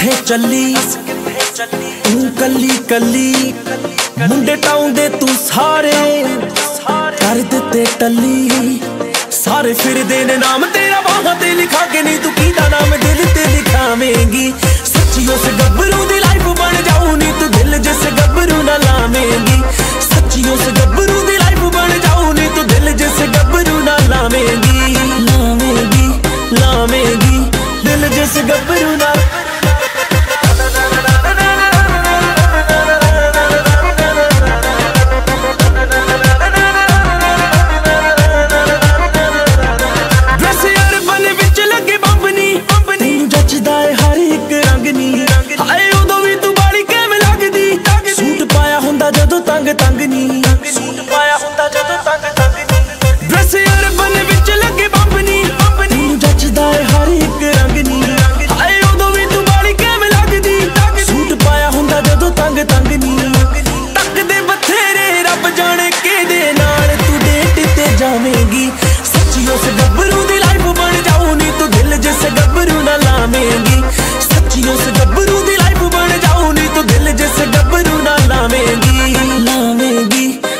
ਕਿੱਥੇ ਚੱਲੀ ਤੂੰ ਕੱਲੀ ਕੱਲੀ ਮੁੰਡੇ ਟਾਉਂਦੇ ਤੂੰ ਸਾਰੇ ਕਰ ਦਿੱਤੇ ਟੱਲੀ ਸਾਰੇ ਫਿਰਦੇ ਨੇ ਨਾਮ ਤੇਰਾ ਬਾਹਾਂ ਤੇ ਲਿਖਾ ਕੇ ਨਹੀਂ ਤੂੰ ਕੀਦਾ ਨਾਮ ਦਿਲ ਤੇ ਲਿਖਾਵੇਂਗੀ ਸੱਚੀ ਉਸ ਗੱਭਰੂ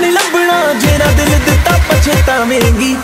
ਨਹੀਂ ਲੱਭਣਾ ਜਿਹੜਾ ਦਿਲ ਦਿੱਤਾ ਪਛਤਾਵੇਂਗੀ